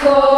Ecco.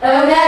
来这边。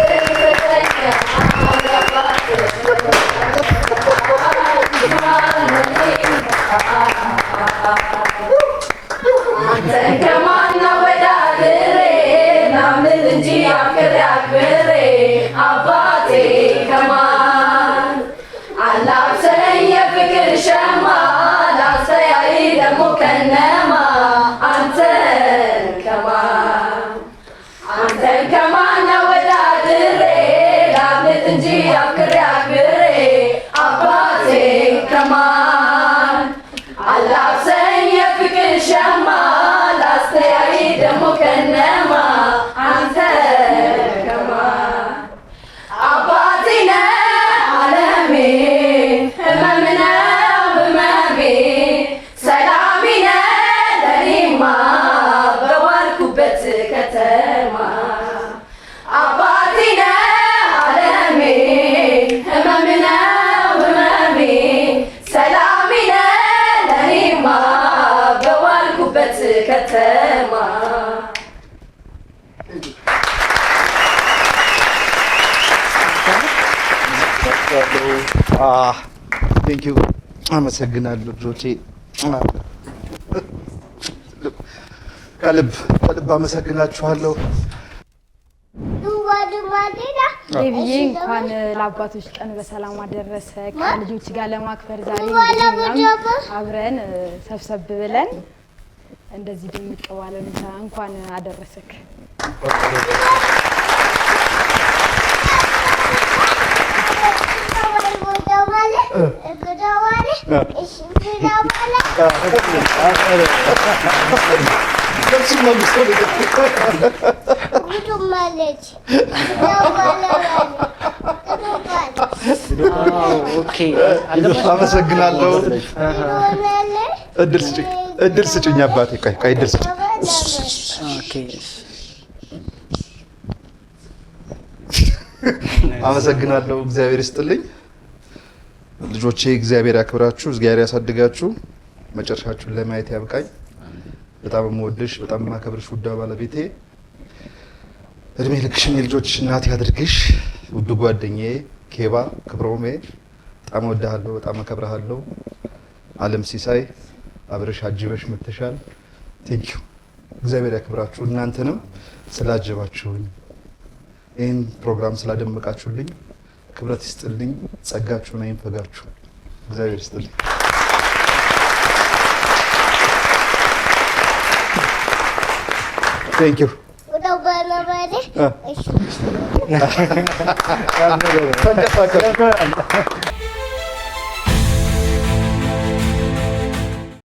I'll say, come on. I love saying, yeah, ቴንኪው አመሰግናለሁ ልጆቼ። ከልብ ከልብ አመሰግናችኋለሁ። ቤቢዬ እንኳን ለአባቶች ቀን በሰላም አደረሰ። ከልጆች ጋር ለማክበር ዛሬ አብረን ሰብሰብ ብለን እንደዚህ ድምቅ ባለ እንኳን አደረሰክ። አመሰግናለሁ። እድል ስጭኝ፣ እድል ስጭኝ አባቴ። ቆይ ቆይ፣ አባቴ ቆይ ቆይ አመሰግናለሁ። እግዚአብሔር ይስጥልኝ። ልጆቼ እግዚአብሔር ያክብራችሁ፣ እግዚአብሔር ያሳድጋችሁ፣ መጨረሻችሁን ለማየት ያብቃኝ። በጣም የምወድሽ በጣም የማከብርሽ ውዳ ባለቤቴ እድሜ ልክሽን የልጆች እናት ያድርግሽ። ውድ ጓደኛዬ ኬባ ክብሮሜ በጣም እወድሃለሁ፣ በጣም አከብረሃለሁ። አለም ሲሳይ አብረሽ አጅበሽ መተሻል። ቴንኪዩ። እግዚአብሔር ያክብራችሁ። እናንተንም ስላጀባችሁኝ፣ ይህን ፕሮግራም ስላደመቃችሁልኝ ክብረት ይስጥልኝ። ጸጋችሁን አይንፈጋችሁ። እግዚአብሔር ይስጥልኝ። ቴንክ ah. ዩ